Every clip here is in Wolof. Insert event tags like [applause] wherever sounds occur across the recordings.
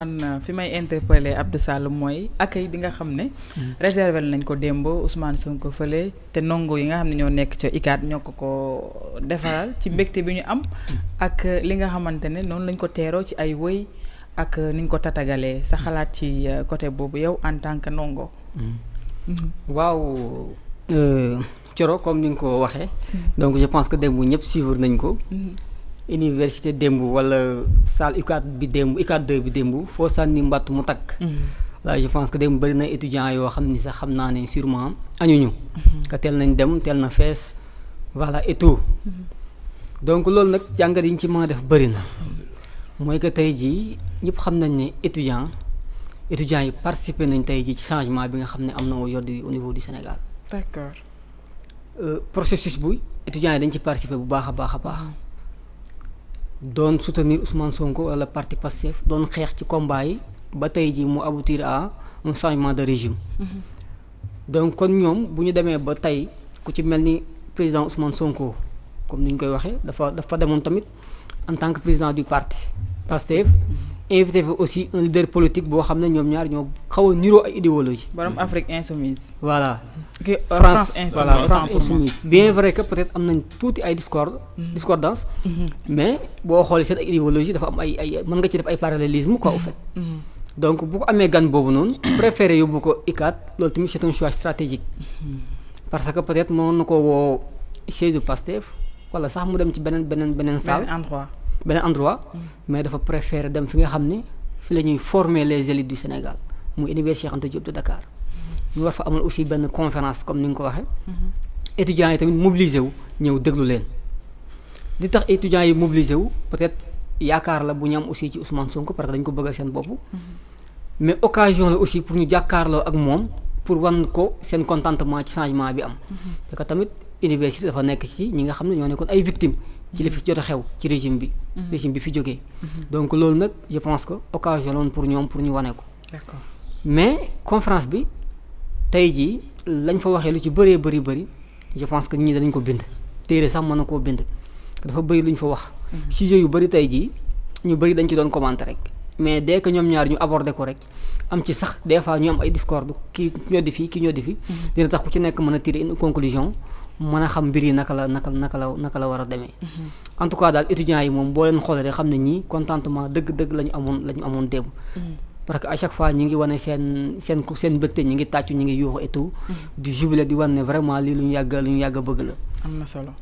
man euh, fi may interpellé Abdou Sall mooy accueil bi nga xam ne mm. réservé nañ ko démb Ousmane ko fëlee te ndongo yi nga xam ne ñoo nekk ci ICAT ñoo ko ko defaral ci mbégte bi ñu am mm. ak li nga xamante ne noonu lañ ko teeroo ci ay woy ak niñ ko tatagalee sa xalaat ci euh, côté boobu yow en tant que ndongo mm. mm-hmm. waaw coro euh, comme ni nga ko waxee donc je pense que démb ñëpp suivre nañ ko mm-hmm. université démb wala salle UCAD bi démb UCAD 2 bi démb foo sànni mbatt mu takk. voilà mm-hmm. je pense que démb bëri na étudiants yoo xam ni sa xam naa ne sûrement añuñu. Mm-hmm. que teel nañ dem teel na fees voilà et mm-hmm. donc loolu nag jàngat yi ñu ci mën def bëri na. mooy que tey jii ñëpp xam nañ ne étudiants étudiants yi participer nañ tey jii ci changement bi nga xam ne am na aujourd'hui au niveau du Sénégal. d'accord. Euh, processus bu étudiants yi dañ ci participer bu baax a baax a baax. Don soutenir Ousmane Sonko le parti passif, don xex ci combat yi ba tay ji aboutir à un changement de régime mhm. donc kon nous, buñu démé ba tay ku ci melni président Ousmane Sonko comme nous l'avons koy dafa en tant que président du parti passif. Mhm invité aussi un leader politique boo xam ñom ñaar ñoo xaw a ay idéologie borom mm-hmm. Afrique insoumise. voilà. Euh, France insoumise voilà France insoumise. bien mm-hmm. vrai que peut-être am nañ ay discord mm-hmm. discordance. mais bo xol seen ay idéologie dafa am ay ay mën nga ci def ay parallélisme quoi au fait. donc bu ko amee gan bobu noonu. [coughs] préféré yóbbu ko ICAT loolu tamit c'est un choix stratégique. parce que peut-être mon na ko woo siège Pastef wala sax mu dem ci benen benen benen salle. endroit beneen endroit mais dafa préférer dem fi nga xam ni fi la ñuy former les élites du Sénégal muy université Cheikh Anta Diop de Dakar ñu war fa amal aussi benn conférence comme ni nga ko waxee mhm. étudiants yi tamit mobilisé wu ñëw déglu leen li tax étudiants yi mobilisé wu peut-être yaakaar la bu ñu am aussi ci Ousmane Sonko parce que dañ ko bëgg seen bopp mhm. mais occasion la aussi pour ñu jàkkaarloo ak moom pour wan ko seen contentement ci changement bi am mhm. parce que tamit nekk ci ñi nga xam ne ñoo nekkoon ay victimes ci li fi jot a xew ci régime bi. Mhm. régime bi fi jógee. Mhm. donc loolu nag je pense que occasion loon pour ñoom pour ñu wane ko. mais conférence bi tey jii lañ fa waxee lu ci bëree bëri bëri je pense que ñi dañ ko bind. téere sax mën na koo bind dafa bëri lu ñu fa wax. Mhm. sujet yu bëri tey jii ñu bëri dañ ci doon commenter rek mais dès que ñoom ñaar ñu aborder ko rek am ci sax des fois ñu am ay discorde kii ñoo di fii kii ñoo di fi. dina tax ku ci nekk mën a tirer une conclusion. mën a xam mbir yi naka la naka naka la war a demee. Mm-hmm. en tout cas daal étudiants yi moom boo leen xoolee xam ne ñii contentement dëgg-dëgg la amoon la amoon démb. Mm-hmm. parce que à chaque fois ñu ngi wane seen seen seen mbégte ñu ngi tàccu ñu ngi yuuxu et mm-hmm. di jubilé di wane ne vraiment lii lu ñu yàgg lu ñu yàgg bëgg la. am na solo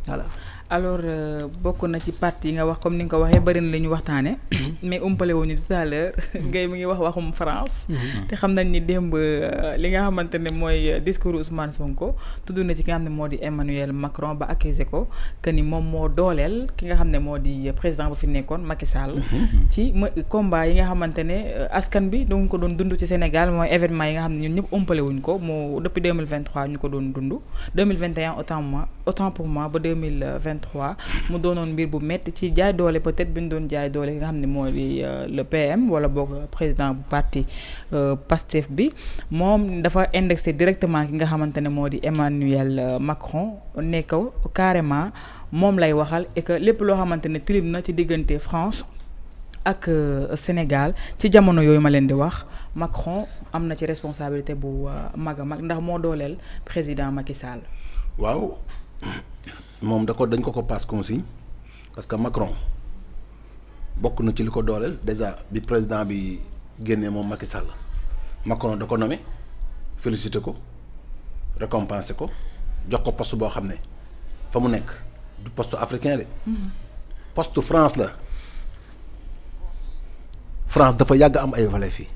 alors euh, bokk na ci parti yi nga wax comme ni nga ko waxee na li ñu mhm. mais umpale wuñu tout à l'heure mhm. ngay mi ngi wax waxum France mhm. te xam nañ ni démb euh, li nga xamante ne mooy euh, discours Ousmane Sonko tudd na ci nga di Emmanuel Macron ba accusé ko que ni moom moo dooleel ki nga xam ne di président ba fi nekkoon Macky Sall ci combat yi nga xamante askan bi doon ko doon dund ci Sénégal mooy événement yi nga xam ñun ñëpp umpale wuñ ko moo depuis 2023 ñu ko doon dund 2021 autant moi autant pour moi ba 2023 mu donone mbir bu metti ci jaay doole peut-être bi ñu doon jaay doole nga xam ne euh, le PM wala bok euh, président bu parti euh, PASTEF bi mom dafa indexé directement ki nga xamantene modi Emmanuel Macron nekaw carrément mom lay waxal et que lepp lo xamantene ne na ci diggante France. ak Sénégal ci jamono yoyu ma len di wax Macron amna ci responsabilité bu mag a mag ndax mo dolel président Macky Sall. waaw mom da passe consigne parce que Macron si na ci déjà bi président bi génnee mom Macky Sall Macron da ko nommé félicité ko récompenser ko jox ko poste bo xamné ne fa du poste africain de. Mm-hmm. poste France la France dafa yag am ay valets fi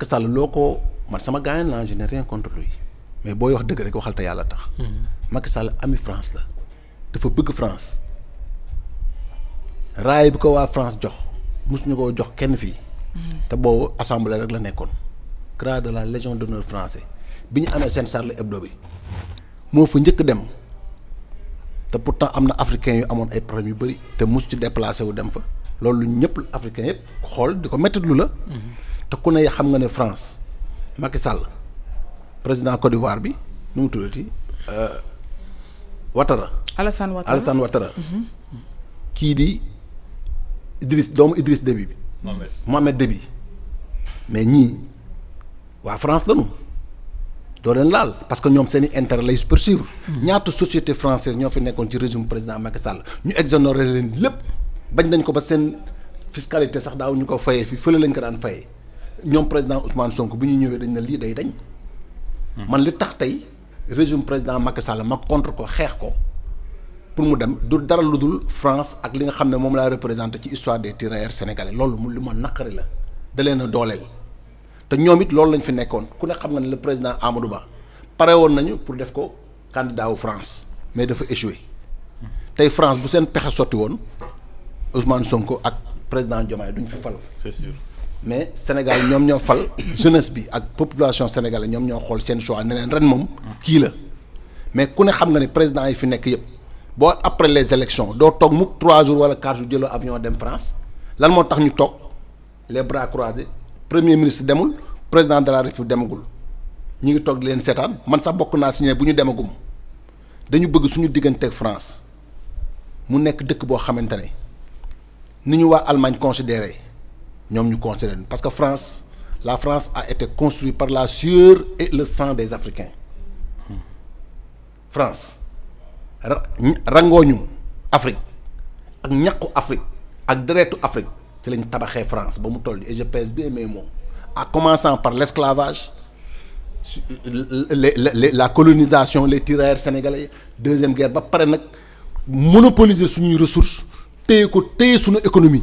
Sall je n'ai rien contre lui. mais booy wax dëgg rek waxal yàlla tax. Mm-hmm. Macky Sall ami France la dafa bëgg France raay bi ko waa France jox mosuñu koo jox kenn fii. Mm-hmm. te boobu assemblée rek la nekkoon. CRA de la légion d'honneur français bi ñu amee seen Charlie Hebdo bi moo fa njëkk dem te pourtant am na africain yu amoon ay problème yu bëri te mosu ci déplacé wu dem fa loolu ñëpp africain yëpp xool di ko métti lu la. Mm-hmm. te ku ne xam nga ne France Macky Sall. président Côte d'Ivoire bi nu mu euh, Ouattara. Alassane Ouattara Alassane Ouattara. kii di Idriss doomu Idriss Déby bi. Mohamed Mohamed Déby mais ni waa France lañu doo leen laal parce que ñoom seen i intérêt lay poursuivre. ñaata société française ñoo fi nekkoon ci régime président Macky Sall ñu exonéré leen lépp bañ nañ ko ba seen fiscalité sax daaw ñu ko fayee fii fële lañ ko daan fayee ñoom président Ousmane Sonko bu ñu ñëwee dañ na lii day dañ. Mhm. man li tax tay président Macky Sall ma contre ko xeex ko pour mu dem du France ak li nga la histoire des tirailleurs sénégalais lolou mu luma ma la da len a lañ fi le président Amadou Ba pour def candidat au France mais dafa échoué mhm. tay France bu sen pexé Ousmane Sonko ak président Diomaye duñ fi fal. c'est sûr mais Sénégal ñom ñoo fal jeunesse bi ak population sénégalaise ñom ñoo xol sen choix ne ren mom ki la mais ku ne xam nga ne président yi fi nek yëpp bo après les élections do tok mukk 3 jours wala 4 jours jëloo avion dem France lan mo tax ñu tok les bras croisés premier ministre demul président de la république demagul ñi ngi toog di leen sétane man sa bokk na si ne bu ñu demagum dañu bëgg suñu digganteeg France mu nek dëkk bo xamante ni ñu wa Allemagne considérer parce que France la France a été construite par la sueur et le sang des Africains France Rangonium, Afrique ak Afrique ak Afrique c'est lañ tabac France ba mu et je pèse bien mes mots en commençant par l'esclavage euh, la colonisation les tirailleurs sénégalais deuxième guerre ba monopoliser ressources ressource, ko téye économie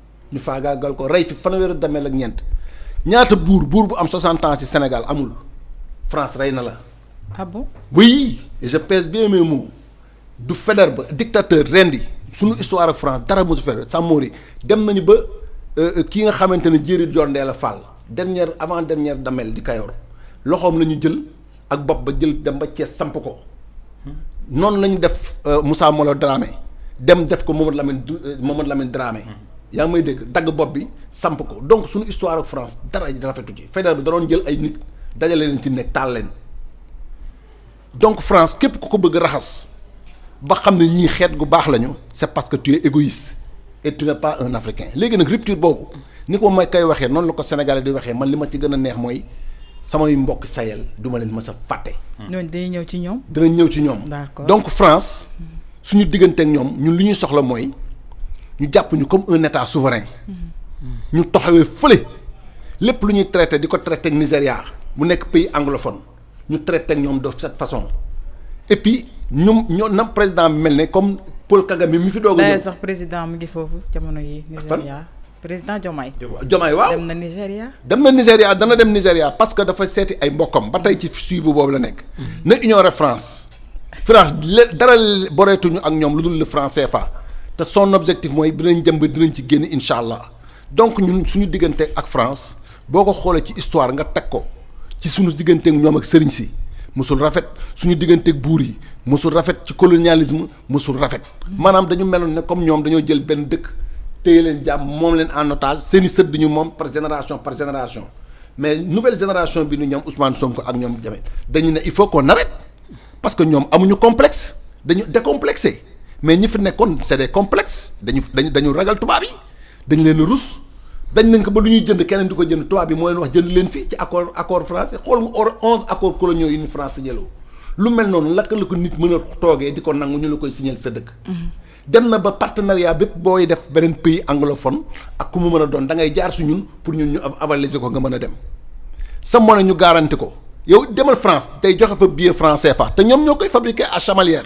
ñu faagaagal ko rey fi fanweeri dameel ak ñeent ñaata buur buur bu am 60 ans ci Sénégal amul France rey na la. ah bon oui je pèse bien mes mots du Faidherbe dictateur rendi suñu histoire ak France dara mosu fere Samori dem nañu ba euh, euh, ki nga xamante ne Jéeri Jondee la Fall dernière avant dernière damel di Kayor loxoom la ñu jël ak bopp ba jël dem ba Cees samp ko noonu lañu def euh, Moussa Molo Dramé dem def ko Mamadou Lamine Mamadou Lamine Dramé. Il may des donc suñu histoire de France dara rafetu ci bi da ay nit dajale leen donc France képp qui ko bëgg raxas ba gens, c'est parce que tu es égoïste et tu n'es pas un Africain Maintenant, nag rupture boobu ni may koy waxee noonu la Sénégalais di waxee man qui ci gën a les mooy mbokk leen hmm. ci Des ci donc France suñu nous ak ñoom ñun li soxla ñu jàpp ñu comme un état souverain ñu taxawee fële lépp lu ñuy traité di ko traité ak Nigéria mu nekk pays anglophone ñu traité ak ñoom de cette façon et puis nous ñoo nam président Melné comme Paul Kagame mi fi doog sax président mu ngi foofu jamono Nigéria président Diomaye Diomaye waaw dem na Nigéria dem na Nigéria dana dem Nigéria parce que dafa seeti ay mbokkam ba tey ci suivi boobu la nekk mm-hmm. na ignorer France France dara boreetuñu ak ñoom lu le français CFA et son objectif mooy dinañ nous ci donc ñun nous ak France si ko ci histoire nga teg nous ci suñu les nous ak sëriñ si les rafet nous digganteeg avec yi mosul rafet ci colonialisme Moussoul rafet. Madame dañu meloon comme nous dañoo jël benn dëkk en otage seen par génération par génération mais nouvelle génération Ousmane Sonko il faut qu'on arrête parce que amuñu complexe dañu décomplexés..! mais ñi fi nekkoon c'est des complexes dañu dañu dañu ragal tubaab yi dañ leen rus dañ nañ ko ba lu ñuy jënd keneen di ko jënd tubaab bi moo leen wax jënd leen fii ci accord accord français xool nga or onze accords coloniaux yu ni France jëloo lu mel noonu lakk la ko nit mën a toogee di ko nangu ñu la koy signal sa dëkk mm-hmm. dem na ba partenariat bépp booy def beneen pays anglophone ak ku mu mën a doon da ngay jaar su ñun pour ñun ñu avaliser ko nga mën a dem sa monnaie ñu garanti ko yow demal France tey joxe fa billet français CFA te ñoom ñoo koy fabriqué à chamalière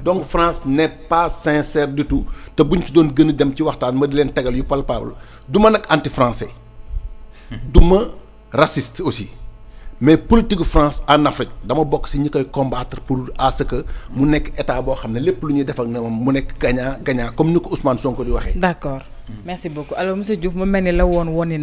donc France n'est pas sincère du tout te buñ ci doon gën dem ci waxtaan ma di len tégal yu palpable Duma nak anti français Duma raciste aussi mais politique France en Afrique dama bok ci ñi koy combattre pour à ce que mu nek état à xamné lepp plus lu ñuy def ak ne mu nek gagnant gagnant comme ni ko Ousmane Sonko di waxé. d'accord merci beaucoup alors monsieur Diouf mu melni où la won woni